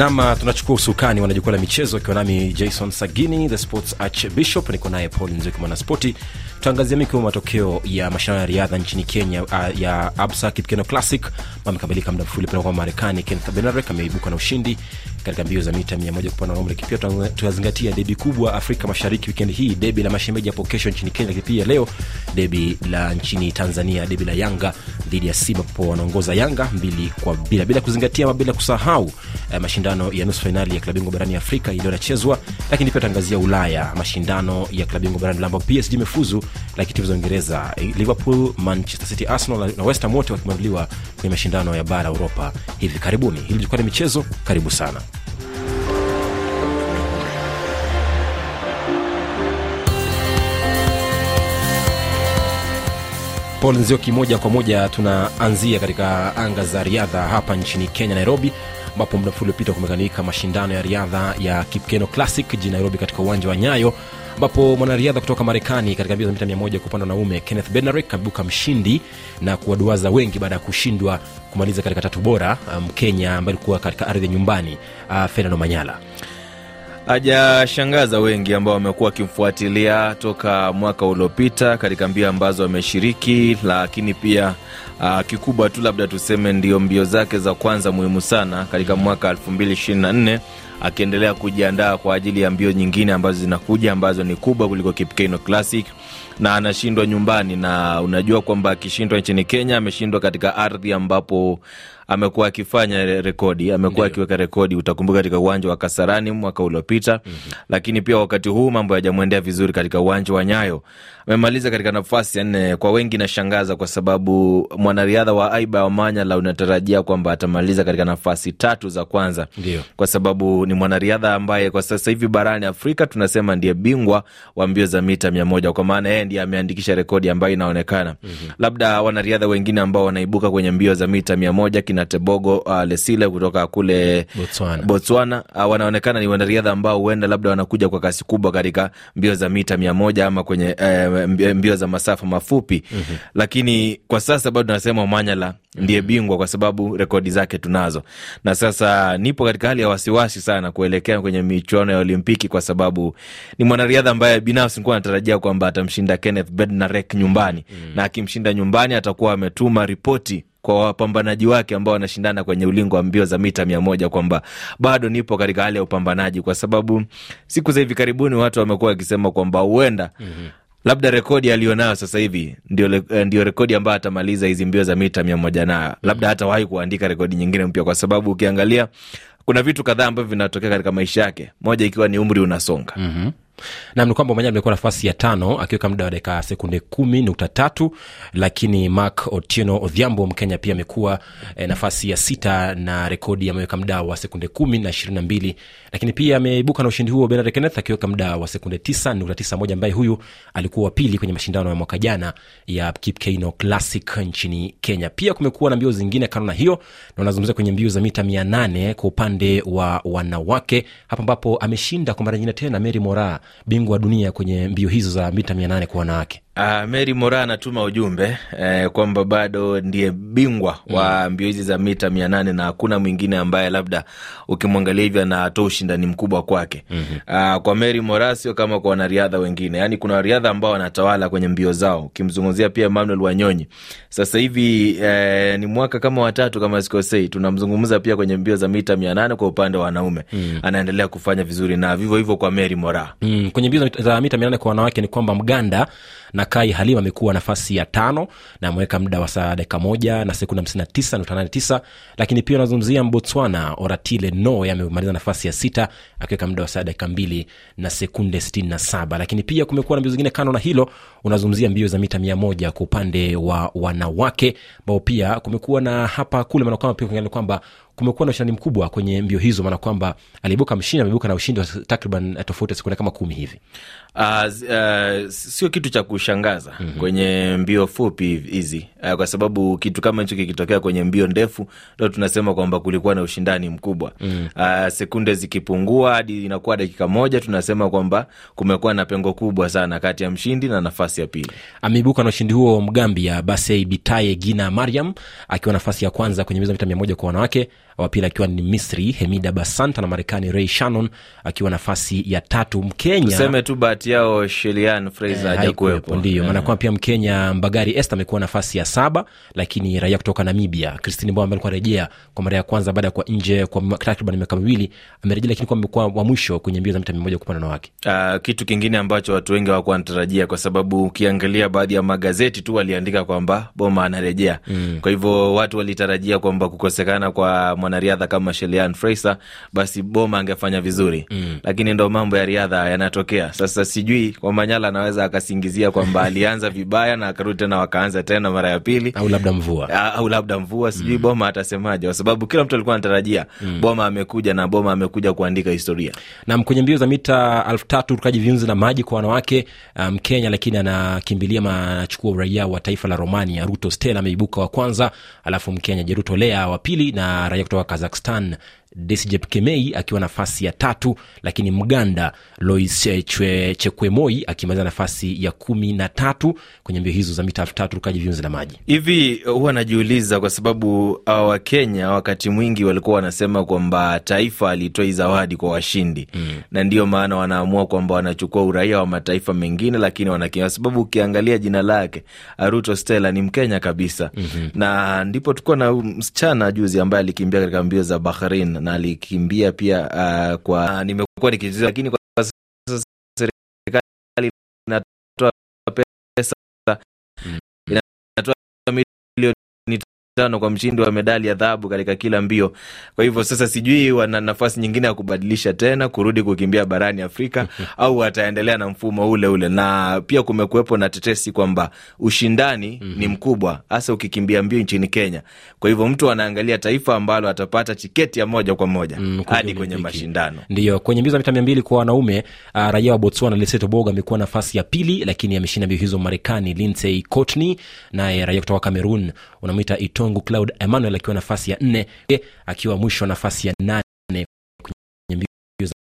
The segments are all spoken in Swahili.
Nam, ah, tunachukua usukani wanajukua la michezo, akiwa nami Jason Sagini, the sports archbishop, niko naye Paul Nzioki, mwanaspoti tuangazia mikiwemo matokeo ya mashindano ya riadha nchini kenya uh, ya absa kipkeno classic amekamilika muda mfupi kwa marekani kenneth benarek ameibuka na ushindi katika mbio za mita 100 kupanda na umri pia tunazingatia debi kubwa afrika mashariki wikendi hii debi la mashemeji hapo kesho nchini kenya lakini pia leo debi la nchini tanzania debi la yanga dhidi ya simba ambapo wanaongoza yanga mbili kwa bila bila kuzingatia ma bila kusahau eh, mashindano ya nusu fainali ya klabingwa barani afrika iliyo nachezwa lakini pia tutaangazia ulaya mashindano ya klabingwa barani ambapo psg imefuzu like timu za Uingereza, Liverpool, Manchester City, Arsenal na West Ham wote wakimanduliwa kwenye mashindano ya bara Uropa hivi karibuni. Hili lilikuwa ni michezo. Karibu sana. Paul Nzioki, moja kwa moja tunaanzia katika anga za riadha hapa nchini Kenya, Nairobi, ambapo muda mfuli uliopita kumekaniika mashindano ya riadha ya Kipkeno Classic jijini Nairobi, katika uwanja wa Nyayo ambapo mwanariadha kutoka marekani katika mbio za mita 100 kwa upande wanaume kenneth benarick ameibuka mshindi na kuwaduaza wengi baada ya kushindwa kumaliza katika tatu bora mkenya um, ambaye alikuwa katika ardhi ya nyumbani uh, fernando manyala hajashangaza wengi ambao wamekuwa wakimfuatilia toka mwaka uliopita katika mbio ambazo ameshiriki, lakini pia uh, kikubwa tu labda tuseme ndio mbio zake za kwanza muhimu sana katika mwaka 224 akiendelea kujiandaa kwa ajili ya mbio nyingine ambazo zinakuja ambazo ni kubwa kuliko Kipkeno Classic na anashindwa nyumbani, na unajua kwamba akishindwa nchini Kenya ameshindwa katika ardhi ambapo amekuwa akifanya rekodi, amekuwa akiweka rekodi. Utakumbuka katika uwanja wa Kasarani mwaka uliopita, mm-hmm. lakini pia wakati huu mambo yajamwendea vizuri katika uwanja wa Nyayo amemaliza katika nafasi ya nne. Kwa wengi nashangaza, kwa sababu mwanariadha wa Aiba Omanya la unatarajia kwamba atamaliza katika nafasi tatu za kwanza. Ndiyo. kwa sababu ni mwanariadha ambaye kwa sasa hivi barani Afrika tunasema ndiye bingwa wa mbio za mita mia moja kwa maana yeye ndiye ameandikisha rekodi ambayo inaonekana. Mm-hmm. Labda wanariadha wengine ambao wanaibuka kwenye mbio za mita mia moja kina Tebogo uh, Lesile kutoka kule Botswana, Botswana uh, wanaonekana ni wanariadha ambao huenda labda wanakuja kwa kasi kubwa katika mbio za mita mia moja ama kwenye uh, Eh, mbio za masafa mafupi mm-hmm. Lakini kwa sasa bado nasema Manyala ndiye mhm. bingwa kwa sababu rekodi zake tunazo, na sasa nipo katika hali ya wasiwasi sana kuelekea kwenye michuano ya Olimpiki kwa sababu ni mwanariadha ambaye binafsi nikuwa anatarajia kwamba atamshinda Kenneth Bednarek nyumbani mm. na akimshinda nyumbani atakuwa ametuma ripoti kwa wapambanaji wake ambao wanashindana kwenye ulingo wa mbio za mita mia moja kwamba bado nipo katika hali ya upambanaji, kwa sababu siku za hivi karibuni watu wamekuwa wakisema kwamba huenda mm-hmm labda rekodi aliyonayo sasa hivi ndio, eh, ndio rekodi ambayo atamaliza hizi mbio za mita mia moja nayo, labda mm. hatawahi kuandika rekodi nyingine mpya, kwa sababu ukiangalia kuna vitu kadhaa ambavyo vinatokea katika maisha yake, moja ikiwa ni umri unasonga mm-hmm Nam ni kwamba Omanyala amekuwa nafasi ya tano akiweka muda wa dakika sekunde kumi nukta tatu lakini mak Otieno Odhiambo Mkenya pia amekuwa e, eh, nafasi ya sita na rekodi ameweka muda wa sekunde kumi na ishirini na mbili lakini pia ameibuka na ushindi huo Benard Kenneth akiweka muda wa sekunde tisa nukta tisa moja ambaye huyu alikuwa wa pili kwenye mashindano ya mwaka jana ya Kipkeino Classic nchini Kenya. Pia kumekuwa na mbio zingine kano na hiyo, na unazungumzia kwenye mbio za mita mia nane kwa upande wa wanawake hapa ambapo ameshinda kwa mara nyingine tena Mary Moraa bingwa wa dunia kwenye mbio hizo za mita mia nane kwa wanawake Uh, Mary Mora anatuma ujumbe eh, kwamba bado ndiye bingwa mm, wa mbio hizi za mita mia nane na hakuna mwingine ambaye labda ukimwangalia hivyo anatoa ushindani mkubwa kwake. mm-hmm. uh, kwa Mary Mora sio kama kwa wanariadha wengine, yaani kuna wariadha ambao wanatawala kwenye mbio zao. Ukimzungumzia pia Emmanuel Wanyonyi sasa hivi eh, ni mwaka kama watatu kama sikosei, tunamzungumza pia kwenye mbio za mita mia nane kwa upande wa wanaume mm. anaendelea kufanya vizuri na vivyo hivyo kwa Mary Mora mm. kwenye mbio za mita mia nane kwa wanawake ni kwamba Mganda na Zakai Halim amekuwa nafasi ya tano na ameweka muda wa saa dakika moja na sekunde tisa lakini pia anazungumzia Mbotswana Oratile Noe amemaliza nafasi ya sita akiweka muda wa saa dakika mbili na sekunde saba Lakini pia kumekuwa na mbio zingine kando na hilo, unazungumzia mbio za mita mia moja kwa upande wa wanawake ambao pia kumekuwa na hapa kule, maana kwamba pia kwamba kumekuwa na ushindani mkubwa kwenye mbio hizo, maana kwamba aliibuka mshindi ameibuka na ushindi wa takriban eh, tofauti ya sekunde kama kumi hivi. Uh, uh, sio kitu cha kushangaza mm-hmm. kwenye mbio fupi hizi uh, kwa sababu kitu kama hicho kikitokea kwenye mbio ndefu ndo tunasema kwamba kulikuwa na ushindani mkubwa mm-hmm. Uh, sekunde zikipungua hadi inakuwa dakika moja, tunasema kwamba kumekuwa na pengo kubwa sana kati ya mshindi na nafasi ya pili. Ameibuka na ushindi huo Mgambia Basei Bitaye Gina Mariam akiwa nafasi ya kwanza kwenye mita mia moja kwa wanawake wa pili akiwa ni Misri Hemida Basanta na Marekani Ray Shannon akiwa nafasi ya tatu. Mkenya tuseme tu bahati yao Shelian Fraser eh, hajakuwepo, ndio maana eh. kwa pia Mkenya Mbagari Esther amekuwa nafasi ya saba, lakini raia kutoka Namibia Christine Mboma ambaye alikuwa rejea kwa mara ya kwanza baada ya kuwa nje kwa takriban miaka miwili amerejea, lakini kwa amekuwa wa mwisho kwenye mbio za mita mia moja kupanda na wake. Uh, ah, kitu kingine ambacho watu wengi hawakuwa wanatarajia kwa sababu ukiangalia baadhi ya magazeti tu waliandika kwamba Boma anarejea mm. Kwa hivyo watu walitarajia kwamba kukosekana kwa mwanariadha kama Shelian Fraser, basi Boma angefanya vizuri mm. Lakini ndo mambo ya riadha yanatokea. Sasa sijui kwa Manyala anaweza akasingizia kwamba alianza vibaya na akarudi tena wakaanza tena mara ya pili, au labda mvua, au labda mvua, sijui mm. Boma atasemaje, kwa sababu kila mtu alikuwa anatarajia mm. Boma amekuja na Boma amekuja kuandika historia. Nam kwenye mbio za mita elfu tatu urukaji viunzi na maji kwa wanawake Mkenya um, lakini anakimbilia machukua uraia wa taifa la Romania. Ruto Stella ameibuka wa kwanza, alafu Mkenya Jeruto Lea wa pili na raia kutoka wa Kazakhstan Desi akiwa nafasi ya tatu, lakini Mganda Lois Chekwemoi akimaliza nafasi ya kumi na tatu kwenye mbio hizo za mita elfu tatu rukaji viunzi na maji. Hivi huwa anajiuliza kwa sababu awa Wakenya wakati mwingi walikuwa wanasema kwamba taifa alitoi zawadi kwa washindi mm, na ndio maana wanaamua kwamba wanachukua uraia wa mataifa mengine, lakini Wanakenya kwa sababu ukiangalia jina lake Aruto stela ni Mkenya kabisa mm -hmm. na ndipo tukuwa na msichana juzi ambaye alikimbia katika mbio za Bahrain na alikimbia pia uh, kwa uh, nimekuwa nikicheza lakini tano kwa mshindi wa medali ya dhahabu katika kila mbio. Kwa hivyo sasa, sijui wana nafasi nyingine ya kubadilisha tena kurudi kukimbia barani Afrika au wataendelea na mfumo ule ule. Na pia kumekuwepo na tetesi kwamba ushindani mm -hmm. ni mkubwa, hasa ukikimbia mbio nchini Kenya. Kwa hivyo mtu anaangalia taifa ambalo atapata tiketi ya moja kwa moja mm, hadi kwenye mashindano. Ndio kwenye mbio za mita mia mbili kwa wanaume, uh, raia wa Botswana Lesetho Boga amekuwa nafasi ya pili, lakini ameshinda mbio hizo Marekani Lindsey Courtney, naye raia kutoka Cameroon unamwita Itongu Cloud Emmanuel akiwa nafasi ya nne, eh, akiwa mwisho nafasi ya nane kwenye mbio za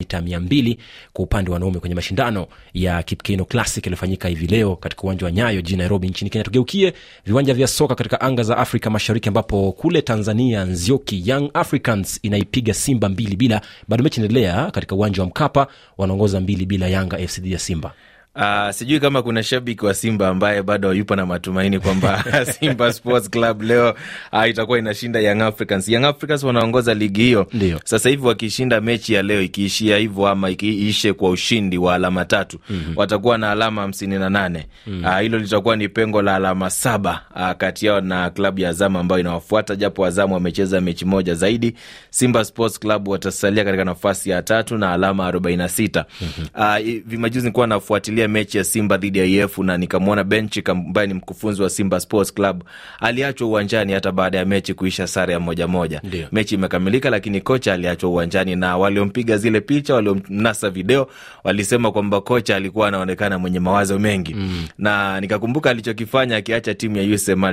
mita mia mbili kwa upande wa wanaume kwenye mashindano ya kipkeno Classic yaliyofanyika hivi leo katika uwanja wa Nyayo jijini Nairobi nchini Kenya. Tugeukie viwanja vya soka katika anga za Afrika Mashariki, ambapo kule Tanzania Nzioki Young Africans inaipiga Simba mbili bila. Bado mechi inaendelea katika uwanja wa Mkapa, wanaongoza mbili bila Yanga FC ya Simba. Uh, sijui kama kuna shabiki wa Simba ambaye bado yupo na matumaini kwamba Simba Sports Club leo uh, itakuwa inashinda Young Africans. Young Africans wanaongoza ligi hiyo sasa hivi, wakishinda mechi ya leo ikiishia hivyo ama ikiishe kwa ushindi wa alama tatu mm -hmm. watakuwa na alama hamsini na nane mm -hmm. uh, hilo litakuwa ni pengo la alama saba uh, kati yao na klabu ya Azamu ambayo inawafuata, japo Azamu wamecheza mechi moja zaidi. Simba Sports Club watasalia katika nafasi ya tatu na alama arobaini na sita. mm -hmm. uh, vimajuzi kuwa nafuatilia mechi ya Simba dhidi ya EF na nikamwona benchi ambaye ni mkufunzi wa Simba Sports Club aliachwa uwanjani hata baada ya mechi kuisha sare ya moja moja. Ndiyo. Mechi imekamilika, lakini kocha aliachwa uwanjani na waliompiga zile picha, waliomnasa video walisema kwamba kocha alikuwa anaonekana mwenye mawazo mengi mm. na nikakumbuka alichokifanya akiacha timu ya USM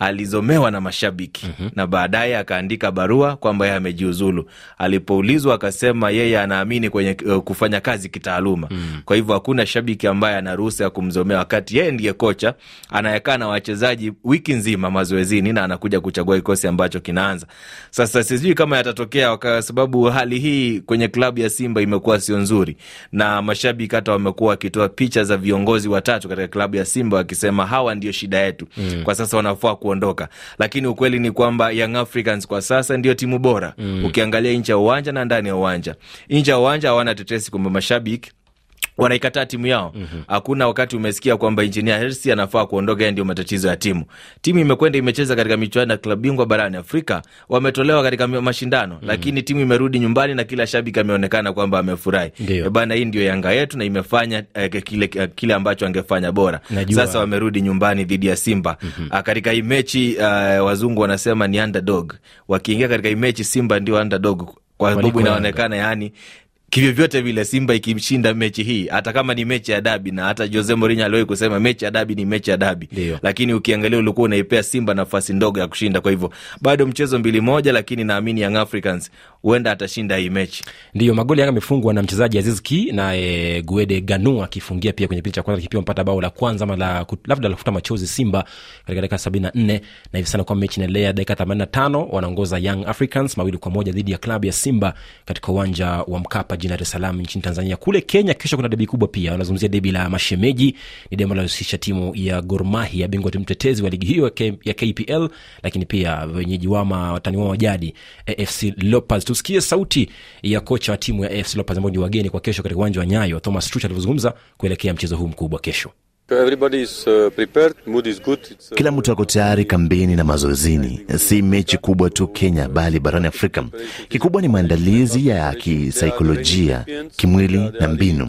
alizomewa na mashabiki mm -hmm. na baadaye akaandika barua kwamba yeye amejiuzulu. Alipoulizwa akasema yeye anaamini kwenye uh, kufanya kazi kitaaluma mm -hmm. kwa hivyo hakuna shabiki ambaye ana ruhusa ya kumzomea, wakati yeye ndiye kocha anayekaa na wachezaji wiki nzima mazoezini na anakuja kuchagua kikosi ambacho kinaanza. Sasa sijui kama yatatokea, kwa sababu hali hii kwenye klabu ya Simba imekuwa sio nzuri, na mashabiki hata wamekuwa wakitoa picha za viongozi watatu katika klabu ya Simba wakisema hawa ndio shida yetu mm -hmm. kwa sasa wanafaa ku kuondoka, lakini ukweli ni kwamba Young Africans kwa sasa ndio timu bora mm. Ukiangalia nje ya uwanja na ndani ya uwanja, nje ya uwanja hawana tetesi kwamba mashabiki wanaikataa timu yao. Mhm. Hakuna mm -hmm. wakati umesikia kwamba injinia Hersi anafaa kuondoka, ndio matatizo ya timu. Timu imekwenda imecheza katika michuano ya klabu bingwa barani Afrika, wametolewa katika mashindano mm -hmm. lakini timu imerudi nyumbani na kila shabiki ameonekana kwamba amefurahi eh, bana, hii ndio Yanga yetu na imefanya eh, kile, eh, kile ambacho angefanya bora. Najua. Sasa wamerudi nyumbani dhidi ya Simba mm -hmm. katika hii mechi uh, wazungu wanasema ni underdog. Wakiingia katika hii mechi Simba ndio underdog kwa sababu inaonekana yani kivyovyote vile Simba ikimshinda mechi hii, hata kama ni mechi ya dabi, na hata Jose Mourinho aliwahi kusema mechi ya dabi ni mechi ya dabi, lakini ukiangalia ulikuwa unaipea Simba nafasi ndogo ya kushinda. Kwa hivyo bado mchezo mbili moja, lakini naamini Young Africans huenda atashinda hii mechi. Ndio magoli Yanga amefungwa na mchezaji Aziz Ki na e, Guede Ganu akifungia pia kwenye kipindi cha kwanza, kipia mpata bao la kwanza ama la labda la kufuta machozi Simba katika dakika sabini na nne na hivi sana kwa mechi inaendelea dakika themanini na tano wanaongoza Young Africans mawili kwa moja dhidi ya klabu ya Simba katika uwanja wa Mkapa jijini Dar es Salaam nchini Tanzania. Kule Kenya kesho kuna debi kubwa pia, wanazungumzia debi la mashemeji. Ni debi linalohusisha timu ya gormahi ya bingwa timu mtetezi wa ligi hiyo ya KPL, lakini pia wenyeji wama watani wao wajadi AFC lopez Tusikie sauti ya kocha wa timu ya AFC lopez ambao ni wageni kwa kesho katika uwanja wa Nyayo, Thomas truch alivyozungumza kuelekea mchezo huu mkubwa kesho. Uh, uh, Kila mtu ako tayari kambini na mazoezini. Si mechi kubwa tu Kenya, bali barani Afrika. Kikubwa ni maandalizi ya kisaikolojia, kimwili na mbinu.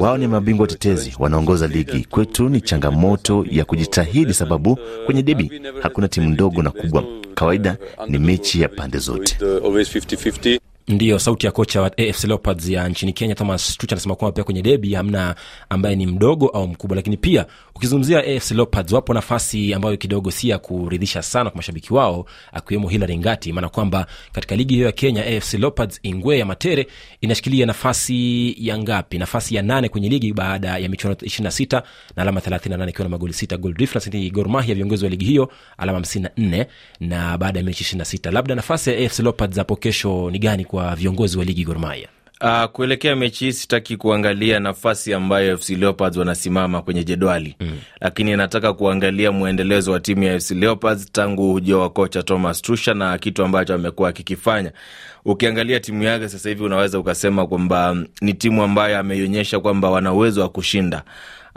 Wao ni mabingwa tetezi, wanaongoza ligi. Kwetu ni changamoto ya kujitahidi, sababu kwenye debi hakuna timu ndogo na kubwa. Kawaida ni mechi ya pande zote. Uh, Ndiyo sauti ya kocha wa AFC Leopards ya nchini Kenya, Thomas Tuch anasema kwamba pia kwenye debi hamna ambaye ni mdogo au mkubwa, lakini pia Ukizungumzia AFC Leopards, wapo nafasi ambayo kidogo si ya kuridhisha sana kwa mashabiki wao, akiwemo Hilary Ngati, maana kwamba katika ligi hiyo ya Kenya AFC Leopards, Ingwe ya Matere inashikilia nafasi ya ngapi? Nafasi ya nane kwenye ligi baada ya michuano 26 na alama 38 ikiwa na magoli sita. Goal difference ni Gor Mahia, viongozi wa ligi hiyo, alama 54 na baada ya mechi 26. Labda nafasi ya AFC Leopards hapo kesho ni gani kwa viongozi wa ligi Gor Mahia? Uh, kuelekea mechi hii sitaki kuangalia nafasi ambayo FC Leopards wanasimama kwenye jedwali mm. Lakini nataka kuangalia mwendelezo wa timu ya FC Leopards tangu ujio wa kocha Thomas Tuchel na kitu ambacho amekuwa akikifanya. Ukiangalia timu yake sasa hivi unaweza ukasema kwamba mm, ni timu ambayo ameionyesha kwamba wana uwezo wa kushinda.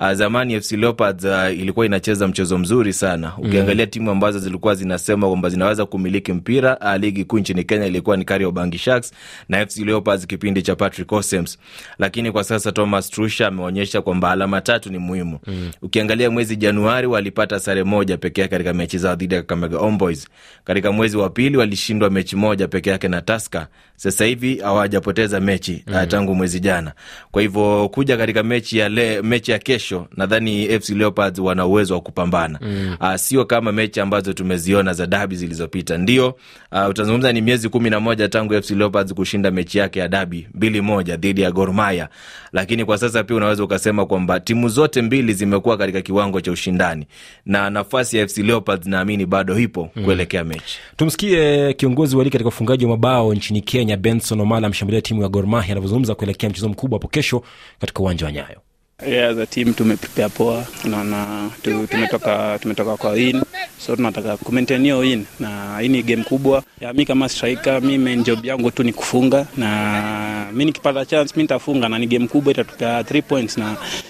Ah, zamani FC Leopards uh, ilikuwa inacheza mchezo mzuri sana mm. ukiangalia mm. timu ambazo zilikuwa zinasema kwamba zinaweza kumiliki mpira uh, ligi kuu nchini Kenya ilikuwa ni Kariobangi Sharks na FC Leopards kipindi cha Patrick Osems, lakini kwa sasa Thomas Trusha ameonyesha kwamba alama tatu ni muhimu mm. ukiangalia mwezi Januari walipata sare moja pekee katika mechi zao dhidi ya Kakamega Homeboys. Katika mwezi wa pili walishindwa mechi moja peke yake na Tusker. Sasa hivi hawajapoteza mechi mm. tangu mwezi jana, kwa hivyo kuja katika mechi ya, le, mechi ya kesho kesho, nadhani FC Leopards wana uwezo wa kupambana mm. Uh, sio kama mechi ambazo tumeziona za dabi zilizopita. Ndio uh, utazungumza ni miezi kumi na moja tangu FC Leopards kushinda mechi yake ya dabi mbili moja dhidi ya Gor Mahia, lakini kwa sasa pia unaweza ukasema kwamba timu zote mbili zimekuwa katika kiwango cha ushindani na nafasi ya FC Leopards naamini bado ipo mm. kuelekea mechi. Tumsikie kiongozi wa ligi katika ufungaji wa mabao nchini Kenya, Benson Omala, mshambulia timu ya Gor Mahia anavyozungumza kuelekea mchezo mkubwa hapo kesho katika uwanja wa Nyayo. Yeah, the team tumeprepare poa, unaona tumetoka tumetoka kwa win, so tunataka kumaintain hiyo win, na hii ni game kubwa. Ya, mi kama striker, mi main job yangu tu ni kufunga, na mi nikipata chance mi nitafunga, na ni game kubwa, itatupea 3 points, na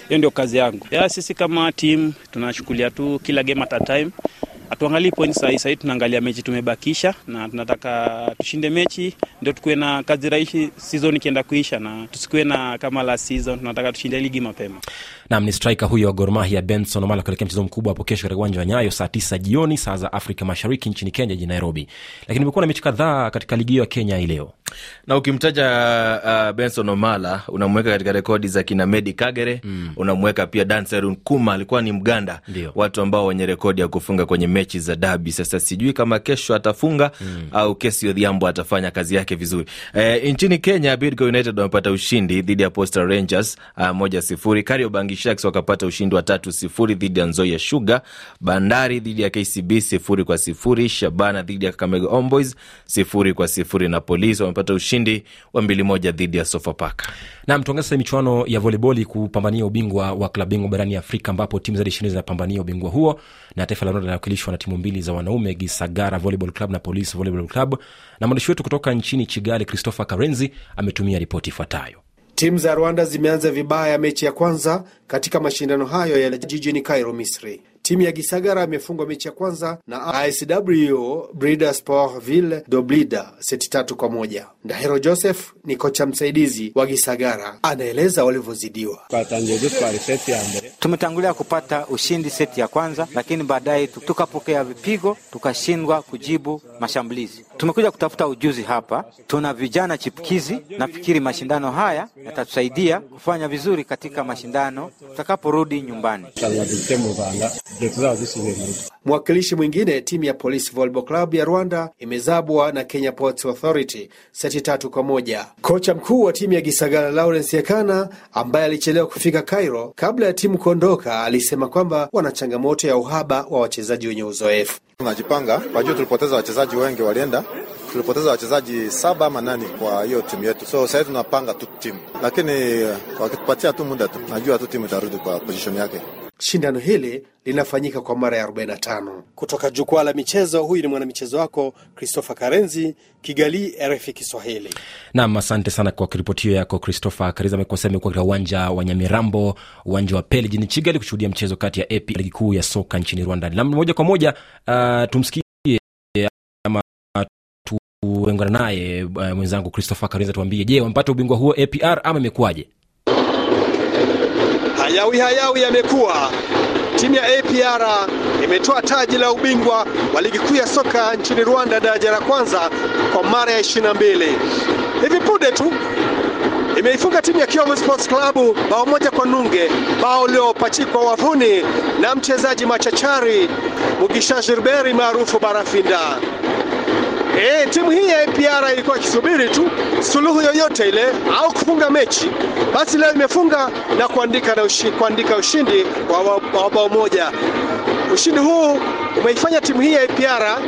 hiyo ndio kazi yangu. Ya, sisi kama team tunashukulia tu kila game at a time Hatuangalii point sahi, sahi tunaangalia mechi tumebakisha, na tunataka tushinde mechi ndio tukuwe na kazi rahisi season ikienda kuisha, na tusikuwe na kama last season. Tunataka tushinde ligi mapema. Nam ni straika huyo wa gormahia Benson Omala kuelekea mchezo mkubwa hapo kesho katika uwanja wa Nyayo saa tisa jioni saa za Afrika Mashariki nchini Kenya jijini Nairobi. Lakini imekuwa na mechi kadhaa katika ligi hiyo ya Kenya hii leo na ukimtaja uh, Benson Omala unamweka katika rekodi za kina Medi Kagere mm. unamweka pia danserun kuma alikuwa ni Mganda Dio. watu ambao wenye rekodi ya kufunga kwenye mechi za dabi. Sasa sijui kama kesho atafunga mm. au Kesi Odhiambo atafanya kazi yake vizuri. E, nchini Kenya Bidco United wamepata ushindi dhidi ya postal Rangers uh, moja sifuri. Kariobangi Sharks wakapata ushindi wa tatu sifuri dhidi ya Nzoia Sugar, Bandari dhidi ya KCB sifuri kwa sifuri, Shabana dhidi ya Kakamega Homeboyz sifuri kwa sifuri na Polisi wamepata ushindi wa mbili moja dhidi ya Sofapaka. Nam tuongeza michuano ya voliboli kupambania ubingwa wa klabu bingwa barani Afrika ambapo timu zaidi ishirini zinapambania ubingwa huo, na taifa la Rwanda linawakilishwa na timu mbili za wanaume, Gisagara Volleyball Club na Polisi Volleyball Club. Na mwandishi wetu kutoka nchini Kigali, Christopher Karenzi, ametumia ripoti ifuatayo. Timu za Rwanda zimeanza vibaya mechi ya kwanza katika mashindano hayo ya jijini Cairo, Misri. Timu ya Gisagara imefungwa mechi ya kwanza na ASW Brida Sport Ville Doblida seti tatu kwa moja. Ndahero Joseph ni kocha msaidizi wa Gisagara, anaeleza walivyozidiwa. Tumetangulia kupata ushindi seti ya kwanza, lakini baadaye tukapokea vipigo, tukashindwa kujibu mashambulizi Tumekuja kutafuta ujuzi hapa, tuna vijana chipukizi. Nafikiri mashindano haya yatatusaidia kufanya vizuri katika mashindano tutakaporudi nyumbani. Mwakilishi mwingine, timu ya Police Volleyball Club ya Rwanda imezabwa na Kenya Ports Authority seti tatu kwa moja. Kocha mkuu wa timu ya Gisagara Lawrence Yakana, ambaye alichelewa kufika Cairo kabla ya timu kuondoka, alisema kwamba wana changamoto ya uhaba wa wachezaji wenye uzoefu. Tunajipanga kwa juu, tulipoteza wachezaji wengi, walienda, tulipoteza wachezaji saba ama nani kwa hiyo timu yetu, so sasa tunapanga tu timu, lakini wakitupatia tu muda tu, najua tu timu itarudi kwa position yake. Shindano hili linafanyika kwa mara ya 45. Kutoka jukwaa la michezo, huyu ni mwanamichezo wako Christopher Karenzi, Kigali, rf Kiswahili. nam asante sana kwa ripoti hiyo yako Christopher Karenzi. Amekuwa amekuwa katika uwanja wa Nyamirambo, uwanja wa Pele jini Kigali kushuhudia mchezo kati ya AP ligi kuu ya soka nchini Rwanda. Na moja kwa moja uh, tumsikie tuengana naye uh, mwenzangu Christopher Karenzi, atuambie je, wamepata ubingwa huo APR ama imekuwaje? hayawi hayawi yamekuwa. Timu ya APR imetoa taji la ubingwa wa ligi kuu ya soka nchini Rwanda daraja la kwanza kwa mara ya 22. Hivi punde tu imeifunga timu ya Kiyovu Sports Club bao moja kwa nunge, bao lililopachikwa wavuni na mchezaji machachari Mugisha Jirberi maarufu Barafinda. E, timu hii ya APR ilikuwa ikisubiri tu suluhu yoyote ile au kufunga mechi, basi leo imefunga na kuandika, na ushi, kuandika ushindi wa bao moja. Ushindi huu umeifanya timu hii ya APR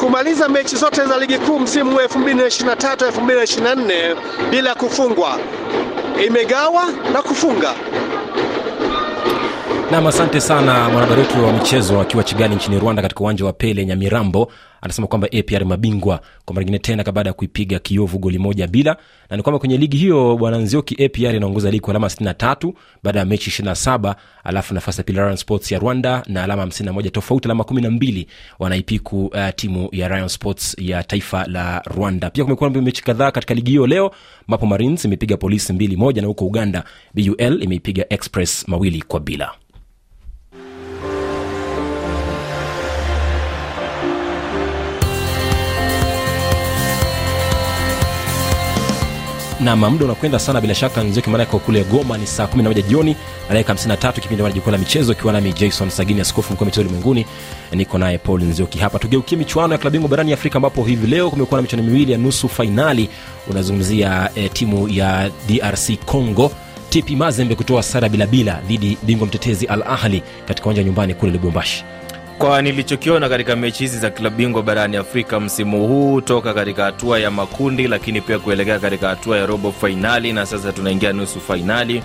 kumaliza mechi zote za ligi kuu msimu wa 2023 2024 bila kufungwa, imegawa na kufunga. Nam, asante sana mwanahabari wetu wa michezo akiwa chigali nchini Rwanda, katika uwanja wa Pele Nyamirambo. Anasema kwamba APR mabingwa kwa mara ingine tena baada ya kuipiga Kiovu goli moja bila, na ni kwamba kwenye ligi hiyo bwana Nzioki, APR inaongoza ligi kwa alama 63 baada ya mechi 27, alafu nafasi ya pili ryan Sports ya Rwanda na alama 51 tofauti, alama 12 wanaipiku uh, timu ya ryan Sports ya taifa la Rwanda. Pia kumekuwa na mechi kadhaa katika ligi hiyo leo, ambapo marins imepiga Polisi 21 na huko Uganda BUL imeipiga Express mawili kwa bila. na unakwenda sana bila shaka nzioki kwa kule goma ni saa 11 jioni na dakika 53 kipindi ambacho jukwaa la michezo ikiwa nami jason sagini askofu mkuu wa michezo ulimwenguni niko naye paul nzioki hapa tugeukie michuano ya klabingwa barani afrika ambapo hivi leo kumekuwa na michuano miwili ya nusu fainali unazungumzia eh, timu ya drc congo tp mazembe kutoa sara bilabila dhidi bingwa mtetezi al ahli katika uwanja nyumbani kule lubumbashi kwa nilichokiona katika mechi hizi za klabu bingwa barani Afrika msimu huu toka katika hatua ya makundi, lakini pia kuelekea katika hatua ya robo fainali na sasa tunaingia nusu fainali,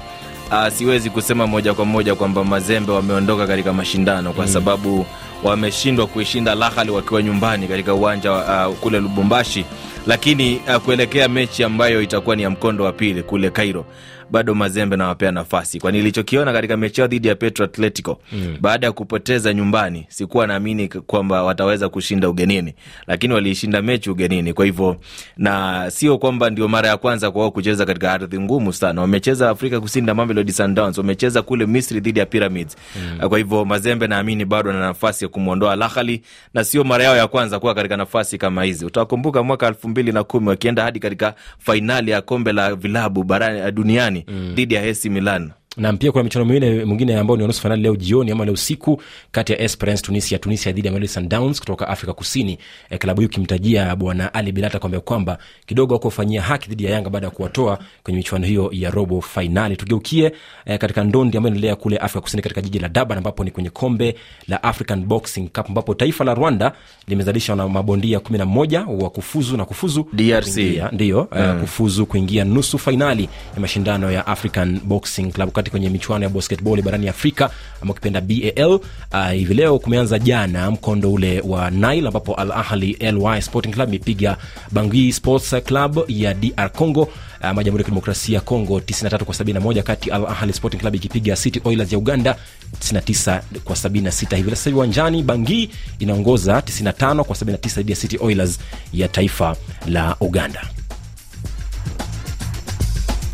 uh, ah, siwezi kusema moja kwa moja kwamba Mazembe wameondoka katika mashindano kwa mm. sababu wameshindwa kuishinda Lahali wakiwa nyumbani katika uwanja uh, kule Lubumbashi, lakini uh, kuelekea mechi ambayo itakuwa ni ya mkondo wa pili kule kairo bado Mazembe nawapea nafasi, kwani nilichokiona katika mechi yao dhidi ya Petro Atletico mm. baada ya kupoteza nyumbani, sikuwa naamini kwamba wataweza kushinda ugenini, lakini waliishinda mechi ugenini. Kwa hivyo, na sio kwamba ndio mara ya kwanza kwao kucheza katika ardhi ngumu sana. Wamecheza Afrika Kusini na Mamelodi Sundowns, wamecheza kule Misri dhidi ya Pyramids mm. kwa hivyo, Mazembe naamini bado na nafasi ya kumwondoa Al Ahly, na sio mara yao ya kwanza kuwa katika nafasi kama hizi. Utakumbuka mwaka elfu mbili na kumi wakienda hadi katika fainali ya kombe la vilabu barani duniani Mm. dhidi ya AC Milan na pia kuna michano mingine mwingine ambao ni nusu fainali leo jioni ama leo usiku kati ya Esperance Tunisia, Tunisia dhidi ya Mamelodi Sundowns kutoka Afrika Kusini. E, klabu hiyo kimtajia bwana Ali Bilata kwamba kwamba kidogo hakufanyia haki dhidi ya Yanga baada ya kuwatoa kwenye michuano hiyo ya robo fainali. Tugeukie e, katika ndondi ambayo inaendelea kule Afrika Kusini katika jiji la Durban ambapo ni kwenye kombe la African Boxing Cup ambapo taifa la Rwanda limezalisha na mabondia 11 wa kufuzu na kufuzu DRC ndio eh, mm. uh, kufuzu kuingia nusu fainali ya mashindano ya African Boxing Club wakati kwenye michuano ya basketball barani Afrika ama ukipenda BAL. Uh, ah, hivi leo kumeanza jana mkondo ule wa Nile ambapo Al Ahli LY Sporting Club imepiga Bangui Sports Club ya DR Congo ah, ama Jamhuri ya Kidemokrasia ya Kongo 93 kwa 71, kati Al Ahli Sporting Club ikipiga City Oilers ya Uganda 99 kwa 76. Hivi sasa uwanjani Bangi inaongoza 95 kwa 79 dhidi ya City Oilers ya taifa la Uganda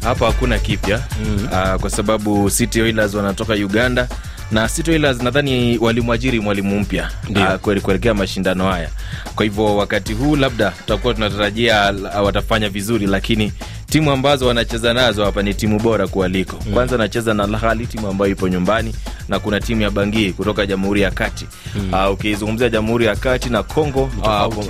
hapa hakuna kipya mm. uh, kwa sababu City Oilers wanatoka Uganda na City nadhani walimwajiri mwalimu mpya uh, kuelekea mashindano haya. Kwa hivyo wakati huu labda tutakuwa tunatarajia watafanya vizuri, lakini timu ambazo wanacheza nazo hapa ni timu bora kualiko. Mm. Kwanza anacheza na Al Ahly, timu ambayo ipo nyumbani, na kuna timu ya Bangui kutoka Jamhuri ya Kati. Mm. Ah, ukizungumzia mm. uh, Jamhuri ya Kati na congo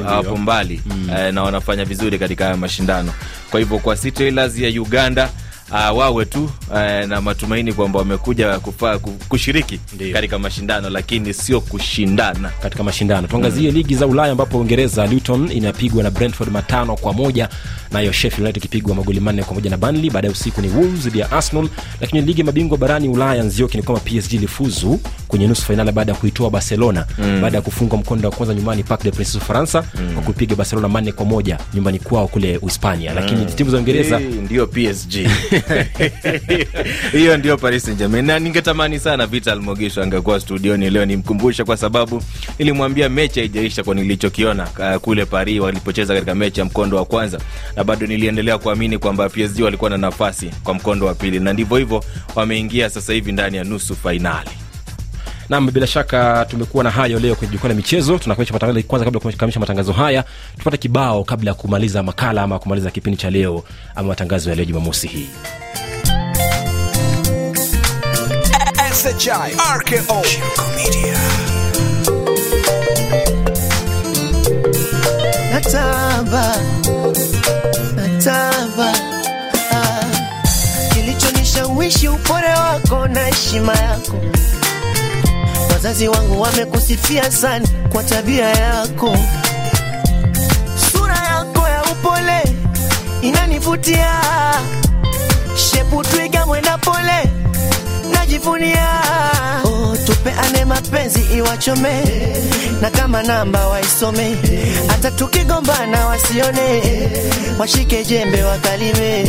hapo mbali mm. uh, na wanafanya vizuri katika haya mashindano. Kwa hivyo kwa City ya Uganda uh, wawe tu uh, na matumaini kwamba wamekuja kufaa kushiriki Ndiyo. katika mashindano lakini sio kushindana katika mashindano. Tuangazie mm. ligi za Ulaya ambapo Uingereza, Luton inapigwa na Brentford matano kwa moja, nayo Sheffield United ikipigwa magoli manne kwa moja na Burnley. Baadaye usiku ni Wolves dhidi ya Arsenal. Lakini ligi ya mabingwa barani Ulaya, Nzioki, ni kwamba PSG ilifuzu kwenye nusu fainali baada ya kuitoa Barcelona mm. baada ya kufunga mkondo wa kwanza nyumbani park de Princes Ufaransa mm. kwa kupiga Barcelona manne kwa moja nyumbani kwao kule Uhispania, lakini mm. timu za Uingereza ndio PSG hiyo ndio Paris Saint Germain, na ningetamani sana Vital Mogisho angekuwa studioni leo nimkumbushe, kwa sababu nilimwambia mechi haijaisha kwa nilichokiona uh, kule Paris walipocheza katika mechi ya mkondo wa kwanza, na bado niliendelea kuamini kwamba PSG walikuwa na nafasi kwa mkondo wa pili, na ndivyo hivyo wameingia sasa hivi ndani ya nusu fainali. Nam, bila shaka tumekuwa na hayo leo kwenye jukwaa la michezo. Tunakamilisha matangazo kwanza, kabla ya kukamilisha matangazo haya tupate kibao kabla ya kumaliza makala ama kumaliza kipindi cha leo ama matangazo ya leo Jumamosi hii. Ah. kilichonishawishi wako na heshima yako Wazazi wangu wamekusifia sana kwa tabia yako, sura yako ya upole inanivutia, shepu twiga mwenda pole najivunia. Oh, tupeane mapenzi iwachome na kama namba waisome hata tukigombana wasione washike jembe wakalime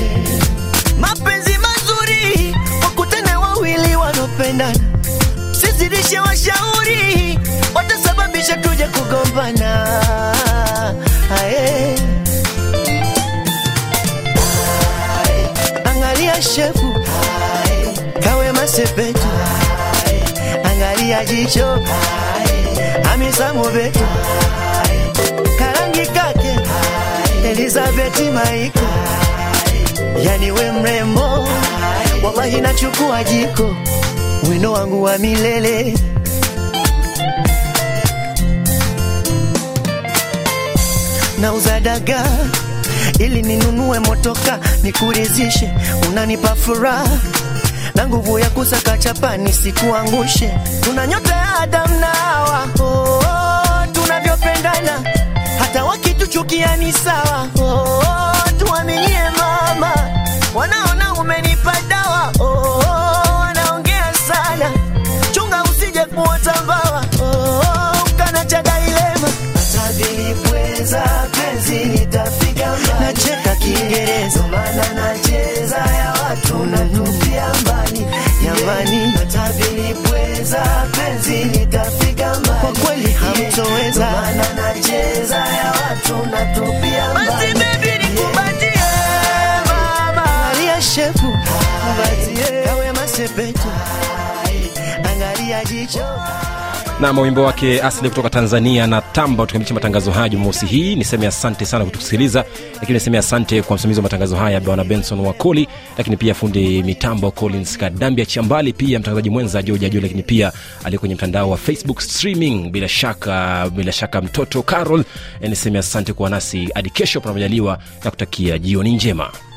mapenzi mazuri wakutane wawili wanopendana wazidishe washauri, watasababisha tuje kugombana. Angalia shepu, kawe masepetu, angalia jicho amisa mubetu, karangi kake Elizabeth Maiko, yani we mrembo, wallahi nachukua jiko wino wangu wa milele nauza daga ili ninunue motoka nikurizishe, unanipa furaha na nguvu ya kusaka chapa nisikuangushe. Tuna nyota ya Adamu na Hawa, oh, oh, tunavyopendana hata wakituchukia ni sawa. Oh, oh, tuaminie mama wanao nacheza penzi nitafika mbali, nacheka Kiingereza maana nacheza ya watu mbali natabiri pweza penzi mbali, kwa kweli hamtoweza maana nacheza ya watu na mawimbo wake asili kutoka tanzania na tamba tukamilisha matangazo haya jumamosi hii niseme asante sana kutusikiliza lakini niseme asante kwa msimamizi wa matangazo haya bwana benson wakoli lakini pia fundi mitambo collins kadambia chambali pia mtangazaji mwenza joja ajoi lakini pia aliye kwenye mtandao wa facebook streaming bila shaka bila shaka mtoto carol niseme asante kuwa nasi hadi kesho panamajaliwa na kutakia jioni njema